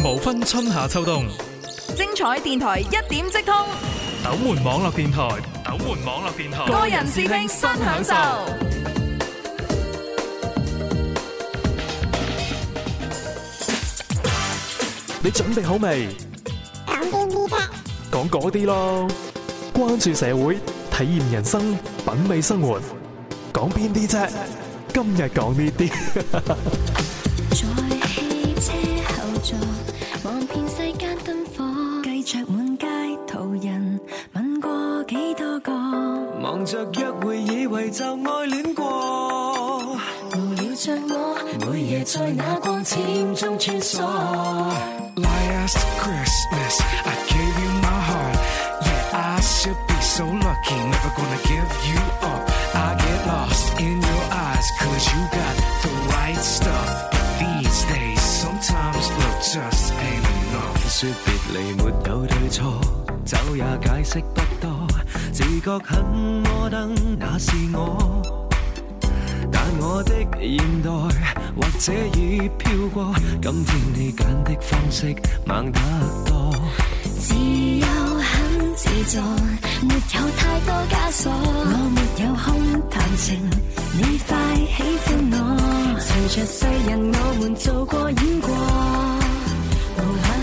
無分春夏秋冬，精彩電台一點即通。斗門網絡電台，斗門網絡電台，個人視聽新享受。你準備好未？講邊啲啫？講嗰啲咯。關注社會，體驗人生，品味生活。講邊啲啫？今日講呢啲。說別離沒有對錯，走也解釋不多。自覺很摩登，那是我，但我的現代或者已飄過。今天你揀的方式猛得多，自由很自在，沒有太多枷鎖。我沒有空談情，你快喜歡我。隨着世人，我們做過演過。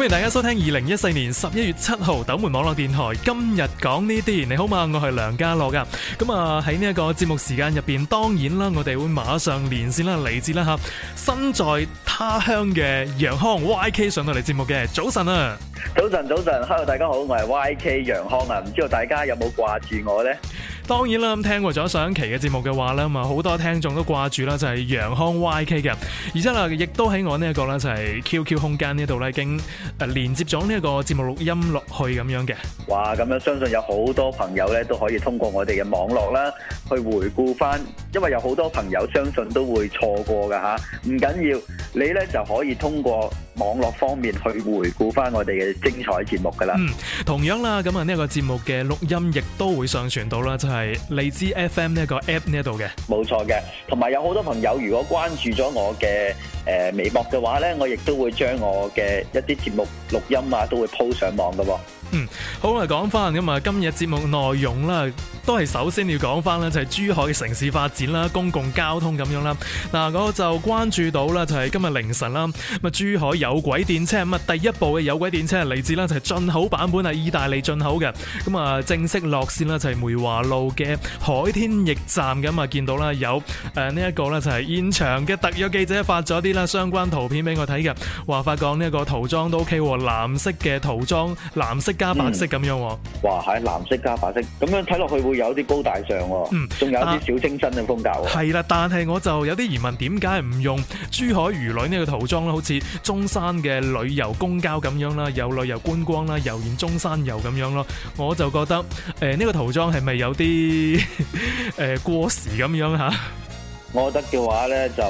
歡迎大家收聽二零一四年十一月七號斗門網絡電台今日講呢啲。你好嘛，我係梁家樂噶。咁啊喺呢一個節目時間入邊，當然啦，我哋會馬上連線啦，嚟自，啦吓。身在他鄉嘅楊康 YK 上到嚟節目嘅，早晨啊，早晨早晨，hello 大家好，我係 YK 楊康啊，唔知道大家有冇掛住我呢？當然啦，咁聽過咗上期嘅節目嘅話咧，咁啊好多聽眾都掛住啦，就係陽康 YK 嘅，而且啊亦都喺我呢一個咧就係 QQ 空間呢度咧，已經誒連接咗呢一個節目錄音落去咁樣嘅。哇，咁樣相信有好多朋友咧都可以通過我哋嘅網絡啦，去回顧翻，因為有好多朋友相信都會錯過㗎吓。唔緊要，你咧就可以通過。網絡方面去回顧翻我哋嘅精彩節目噶啦，嗯，同樣啦，咁啊呢個節目嘅錄音亦都會上傳到啦，就係、是、荔枝 FM 呢個 app 呢度嘅，冇錯嘅。同埋有好多朋友如果關注咗我嘅誒、呃、微博嘅話咧，我亦都會將我嘅一啲節目錄音啊都會 post 上網噶、啊。嗯，好嚟講翻咁啊，今日節目內容啦，都係首先要講翻咧，就係珠海嘅城市發展啦，公共交通咁樣啦。嗱，我就關注到啦，就係今日凌晨啦，咁啊珠海有軌電車，咁啊第一部嘅有軌電車嚟自呢，就係進口版本係意大利進口嘅。咁啊，正式落綫啦，就係梅華路嘅海天驛站咁啊，見到啦有誒呢一個咧就係現場嘅特約記者發咗啲啦相關圖片俾我睇嘅，話法講呢一個塗裝都 OK，藍色嘅塗裝，藍色。加白色咁樣喎、哦嗯，哇！係藍色加白色，咁樣睇落去會有啲高大上喎、哦，嗯，仲、啊、有啲小清新嘅風格喎、哦。係啦，但係我就有啲疑問，點解唔用珠海漁女呢個塗裝咧？好似中山嘅旅遊公交咁樣啦，又旅遊觀光啦，又沿中山遊咁樣咯。我就覺得誒，呢、呃這個塗裝係咪有啲誒、 呃、過時咁樣吓、啊？我覺得嘅話咧，就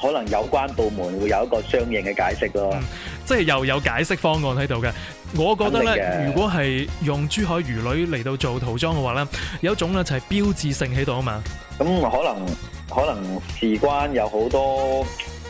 可能有關部門會有一個相應嘅解釋咯、嗯，即係又有解釋方案喺度嘅。我覺得咧，如果係用珠海漁女嚟到做塗裝嘅話咧，有一種咧就係標誌性喺度啊嘛。咁可能、嗯、可能事關有好多。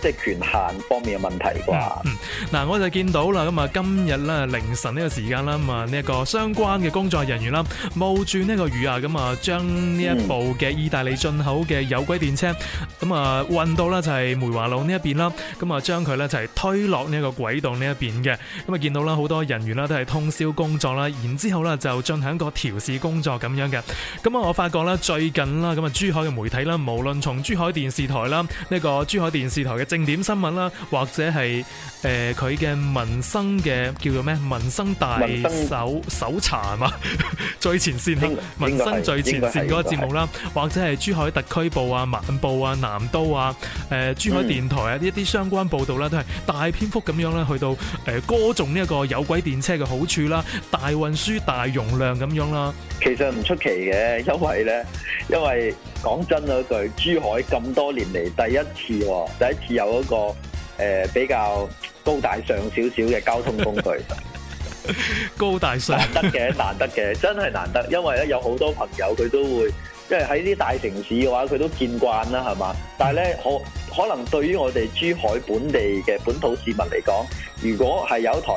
即係權限方面嘅問題啩？嗯，嗱，我就見到啦，咁啊，今日咧凌晨呢個時間啦，咁啊呢一個相關嘅工作人員啦，冒住呢個雨啊，咁啊將呢一部嘅意大利進口嘅有軌電車，咁啊運到啦，就係梅華路呢一邊啦，咁啊將佢咧就係推落呢一個軌道呢一邊嘅，咁啊見到啦好多人員啦都係通宵工作啦，然之後咧就進行一個調試工作咁樣嘅，咁啊我發覺啦，最近啦，咁啊珠海嘅媒體啦，無論從珠海電視台啦，呢個珠海電視台嘅。正點新聞啦，或者係誒佢嘅民生嘅叫做咩？民生大搜生搜查係嘛？最前線該民生最前線嗰個節目啦，是是或者係珠海特區報啊、晚報啊、南都啊、誒、呃、珠海電台啊呢一啲相關報道啦，都係大篇幅咁樣咧去到誒、呃、歌頌呢一個有軌電車嘅好處啦，大運輸、大容量咁樣啦。其實唔出奇嘅，因為咧，因為。講真嗰句，珠海咁多年嚟第一次，哦，第一次有一個誒、呃、比較高大上少少嘅交通工具， 高大上難得嘅，難得嘅，真係難得。因為咧有好多朋友佢都會，因為喺啲大城市嘅話佢都見慣啦，係嘛。但係咧可可能對於我哋珠海本地嘅本土市民嚟講，如果係有台。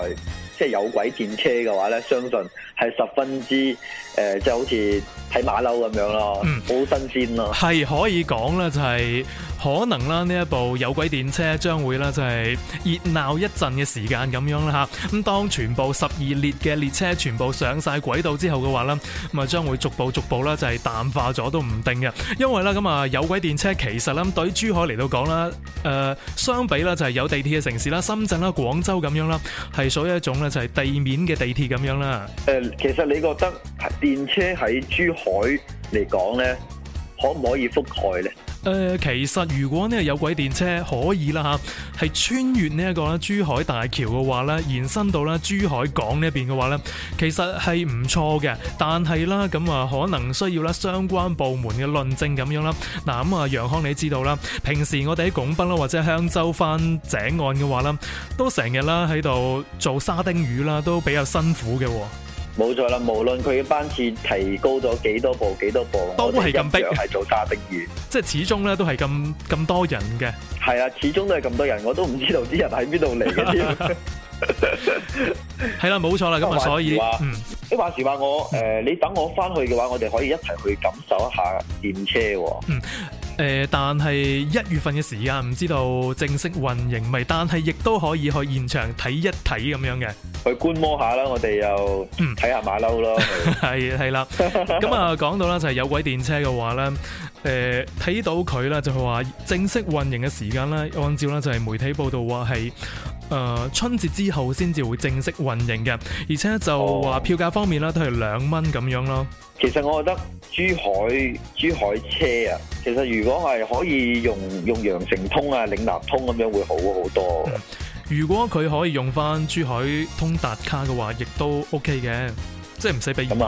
即係有軌電車嘅話咧，相信係十分之誒，即、呃、係好似睇馬騮咁樣咯，好、嗯、新鮮咯，係可以講咧，就係、是。可能啦，呢一部有軌電車將會啦，就係熱鬧一陣嘅時間咁樣啦吓。咁當全部十二列嘅列車全部上晒軌道之後嘅話咧，咁啊將會逐步逐步啦，就係淡化咗都唔定嘅。因為啦咁啊有軌電車其實啦，對珠海嚟到講啦，誒、呃，相比啦就係有地鐵嘅城市啦，深圳啦、廣州咁樣啦，係屬於一種咧就係地面嘅地鐵咁樣啦。誒、呃，其實你覺得電車喺珠海嚟講呢，可唔可以覆蓋呢？誒、呃，其實如果呢個有軌電車可以啦吓，係穿越呢一個咧珠海大橋嘅話咧，延伸到咧珠海港呢邊嘅話咧，其實係唔錯嘅。但係啦，咁啊可能需要啦相關部門嘅論證咁樣啦。嗱、啊，咁啊楊康你知道啦，平時我哋喺拱北啦或者香洲翻井岸嘅話啦，都成日啦喺度做沙丁魚啦，都比較辛苦嘅。冇錯啦，無論佢嘅班次提高咗幾多部幾多部，多部都係咁逼，係做加逼員，即係始終咧都係咁咁多人嘅。係啊，始終都係咁多人，我都唔知道啲人喺邊度嚟嘅。係啦， 冇錯啦，咁啊，所以，你話話時、嗯、話我，誒、呃，你等我翻去嘅話，我哋可以一齊去感受一下電車。嗯誒、呃，但係一月份嘅時間唔知道正式運營未，但係亦都可以去現場睇一睇咁樣嘅，去觀摩下啦。我哋又睇下馬騮咯，係係啦。咁啊們，講 到啦就係有軌電車嘅話咧，誒、呃，睇到佢啦就係話正式運營嘅時間咧，按照咧就係媒體報道話係誒春節之後先至會正式運營嘅，而且就話票價方面咧都係兩蚊咁樣咯。其實我覺得珠海珠海車啊。其實如果係可以用用羊城通啊、嶺南通咁樣會好好多。如果佢可以用翻珠海通達卡嘅話，亦都 OK 嘅，即係唔使俾現金。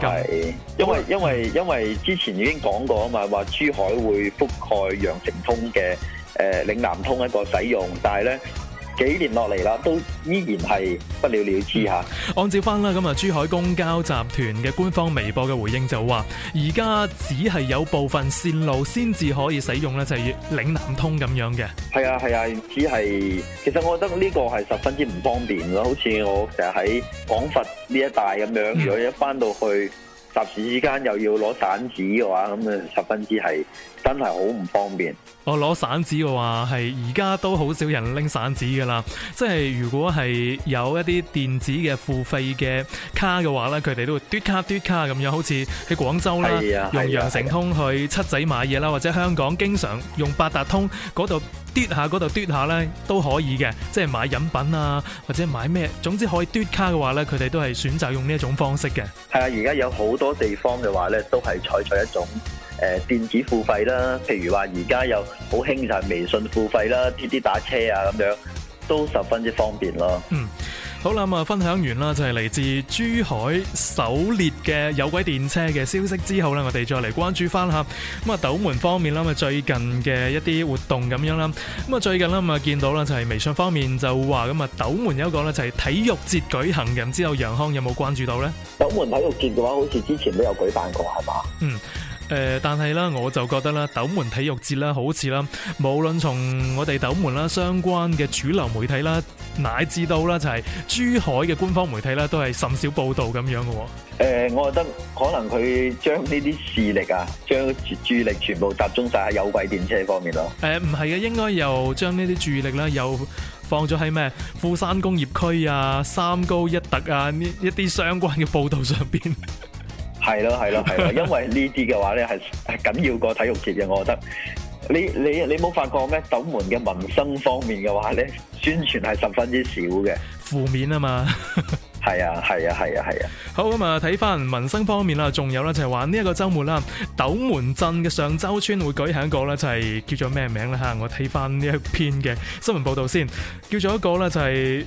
因為因為因為之前已經講過啊嘛，話珠海會覆蓋羊城通嘅誒嶺南通一個使用，但係咧。幾年落嚟啦，都依然係不了了，了之吓。按照翻啦，今日珠海公交集團嘅官方微博嘅回應就話，而家只係有部分線路先至可以使用呢就係、是、嶺南通咁樣嘅。係啊係啊，只係其實我覺得呢個係十分之唔方便咯。好似我成日喺廣佛呢一帶咁樣， 如果一翻到去，霎時之間又要攞散紙嘅話，咁啊十分之係。真係好唔方便。我攞散紙嘅話，係而家都好少人拎散紙噶啦。即係如果係有一啲電子嘅付費嘅卡嘅話咧，佢哋都會嘟卡嘟卡咁樣，好似喺廣州啦，用羊城通去七仔買嘢啦，或者香港經常用八達通嗰度嘟下嗰度嘟下咧都可以嘅。即係買飲品啊，或者買咩，總之可以嘟卡嘅話咧，佢哋都係選擇用呢一種方式嘅。係啊，而家有好多地方嘅話咧，都係採取一種。誒、呃，電子付費啦，譬如話而家又好興就係微信付費啦，滴滴打車啊咁樣，都十分之方便咯。嗯，好啦咁啊、嗯，分享完啦，就係、是、嚟自珠海首列嘅有軌電車嘅消息之後咧，我哋再嚟關注翻吓咁啊，斗、嗯、門方面啦，咁啊最近嘅一啲活動咁樣啦，咁、嗯、啊最近啦咁啊見到啦就係、是、微信方面就話咁啊斗門有一個咧就係、是、體育節舉行，咁之後楊康有冇關注到咧？斗門體育節嘅話，好似之前都有舉辦過係嘛？嗯。誒、呃，但係啦，我就覺得啦，斗門體育節啦，好似啦，無論從我哋斗門啦相關嘅主流媒體啦，乃至到啦就係、是、珠海嘅官方媒體啦，都係甚少報道咁樣嘅、啊。誒、呃，我覺得可能佢將呢啲視力啊，將注意力全部集中晒喺有軌電車方面咯、啊。誒、呃，唔係嘅，應該又將呢啲注意力啦、啊，又放咗喺咩富山工業區啊、三高一特啊呢一啲相關嘅報道上邊。 係咯，係咯，係咯，因為這些的呢啲嘅話咧係係緊要過體育節嘅，我覺得。你你你冇發覺咩？斗門嘅民生方面嘅話咧，宣傳係十分之少嘅，負面啊嘛。 係啊，係啊，係啊，係啊。好，咁啊，睇翻民生方面啦，仲有咧就係話呢一個周末啦，斗門鎮嘅上洲村會舉行一個咧就係、是、叫做咩名咧吓？我睇翻呢一篇嘅新聞報道先，叫做一個咧就係、是、誒、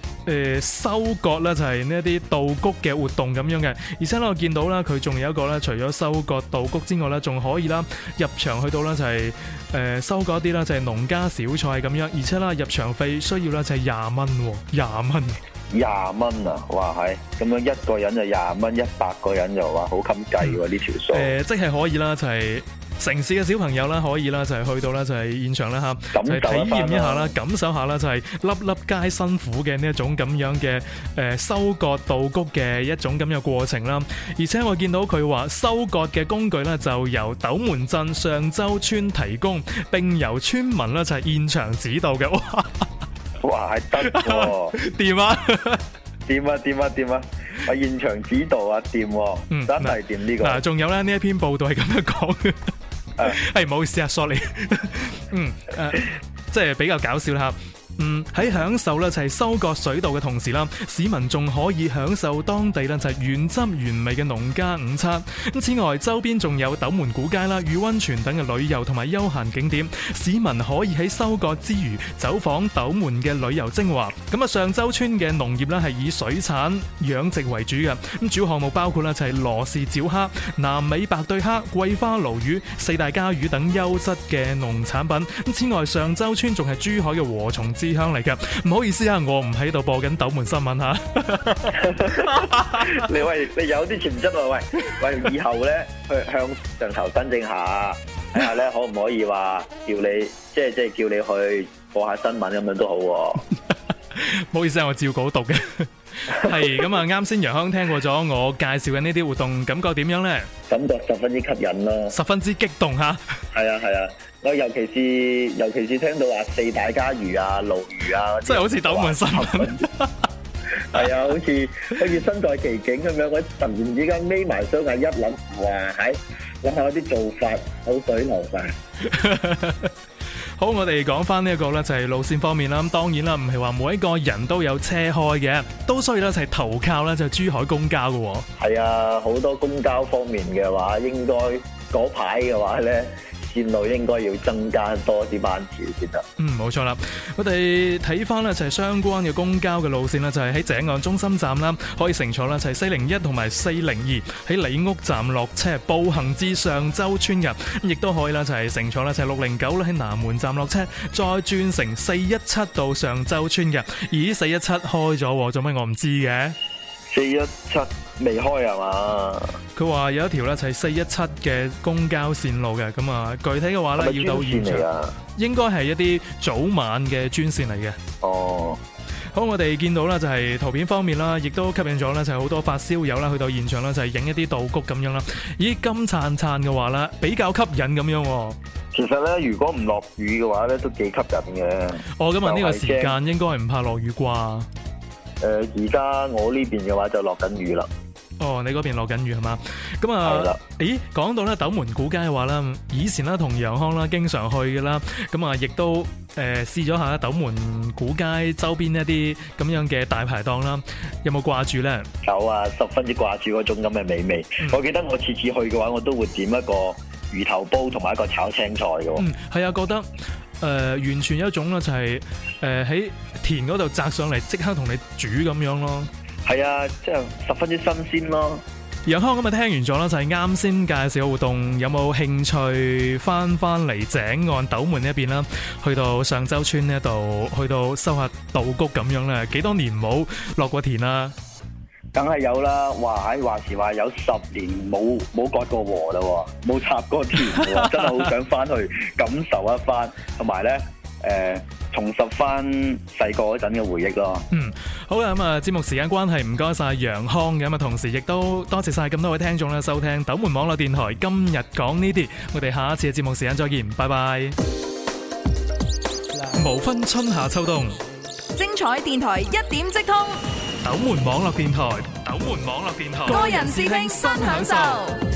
呃、收割咧就係呢一啲稻穀嘅活動咁樣嘅，而且咧我見到咧佢仲有一個咧除咗收割稻穀之外咧，仲可以啦入場去到咧就係、是、誒、呃、收割一啲啦就係、是、農家小菜咁樣，而且啦入場費需要咧就係廿蚊，廿蚊。廿蚊啊！哇係，咁樣一個人就廿蚊，一百個人就話好襟計喎呢條數、呃。誒，即係可以啦，就係、是、城市嘅小朋友啦，可以啦，就係、是、去到啦，就係、是、現場啦吓，咁就係體驗一下啦，了感受下啦，就係、是、粒粒皆辛苦嘅呢一種咁樣嘅誒、呃、收割稻穀嘅一種咁嘅過程啦。而且我見到佢話收割嘅工具呢，就由斗門鎮上洲村提供，並由村民呢，就係、是、現場指導嘅。哇哇，係得掂啊，掂啊，掂啊，掂啊！我、啊啊、現場指導啊，掂喎、啊，嗯、真係掂呢個。嗱、啊，仲、這個、有咧，呢一篇報道係咁樣講嘅，係唔好意思啊、 哎、，sorry，嗯，啊、 即係比較搞笑啦。嗯，喺享受呢就係收割水稻嘅同時啦，市民仲可以享受當地呢就係原汁原味嘅農家午餐。咁此外，周邊仲有斗門古街啦、御溫泉等嘅旅遊同埋休閒景點，市民可以喺收割之餘走訪斗門嘅旅遊精華。咁啊，上洲村嘅農業呢係以水產養殖為主嘅，咁主要項目包括呢就係羅氏沼蝦、南美白對蝦、桂花鱸魚、四大家魚等優質嘅農產品。咁此外，上洲村仲係珠海嘅禾蟲。知香嚟嘅，唔好意思啊，我唔喺度播緊斗門新聞吓。呵呵 你，喂，你有啲潛質啊，喂，喂，以後咧去向上頭申請下，睇下咧可唔可以話叫你，即係即係叫你去播下新聞咁樣都好，啊。唔 好意思，啊，我照稿讀嘅。係咁啊，啱先楊香聽過咗我介紹嘅呢啲活動，感覺點樣咧？感覺十分之吸引咯，十分之激動吓。係啊係啊，我尤其是尤其是聽到話四大家魚啊、鱸魚啊，即係好似斗門新聞，係啊，好似好似身在其境咁樣，我突然之間眯埋雙眼一諗，哇！諗下啲做法，口水流晒。好，我哋講翻呢一個咧就係、是、路線方面啦。咁當然啦，唔係話每一個人都有車開嘅，都需要咧係投靠咧就係珠海公交嘅。係啊，好多公交方面嘅話，應該嗰排嘅話咧。線路應該要增加多啲班次先得。嗯，冇錯啦。我哋睇翻呢就係相關嘅公交嘅路線啦，就係喺井岸中心站啦，可以乘坐啦，就係四零一同埋四零二喺李屋站落車，步行至上洲村嘅。亦都可以啦，就係乘坐啦，就係六零九啦喺南門站落車，再轉乘四一七到上洲村嘅。而呢四一七開咗，做咩我唔知嘅。四一七。未開啊嘛！佢話有一條咧，就係四一七嘅公交線路嘅，咁啊具體嘅話咧，要到現場，係唔係專線嚟嘅？應該係一啲早晚嘅專線嚟嘅。哦，好，我哋見到咧，就係圖片方面啦，亦都吸引咗咧，就係好多發燒友啦去到現場啦，就係影一啲稻谷咁樣啦。咦，金燦燦嘅話咧，比較吸引咁樣。其實咧，如果唔落雨嘅話咧，都幾吸引嘅。我、哦、今日呢個時間應該係唔怕落雨啩？誒、就是，呃、而家我呢邊嘅話就落緊雨啦。哦，你嗰邊落緊雨係嘛？咁啊，了咦，講到咧斗門古街嘅話啦，以前啦，同楊康啦經常去嘅啦，咁啊亦都誒試咗下斗門古街周邊一啲咁樣嘅大排檔啦，有冇掛住咧？有啊，十分之掛住嗰種咁嘅美味。嗯、我記得我次次去嘅話，我都會點一個魚頭煲同埋一個炒青菜嘅。嗯，係啊，覺得誒、呃、完全有一種咧就係誒喺田嗰度摘上嚟，即刻同你煮咁樣咯。係啊，即係十分之新鮮咯。楊康今日聽完咗啦，就係啱先介紹嘅活動，有冇興趣翻翻嚟井岸斗門呢一邊啦？去到上洲村呢度，去到收下稻穀咁樣咧，幾多年冇落過田啦？梗係有啦，話喺話時話有十年冇冇割過禾啦，冇插過田，真係好想翻去感受一番，同埋咧誒。重拾翻細個嗰陣嘅回憶咯。嗯，好啦，咁啊，節目時間關係，唔該晒楊康，咁啊，同時亦都多謝晒咁多位聽眾啦，收聽斗門網絡電台今日講呢啲。我哋下一次嘅節目時間再見，拜拜。無分春夏秋冬，精彩電台一點即通，斗門網絡電台，斗門網絡電台，個人視聽新享受。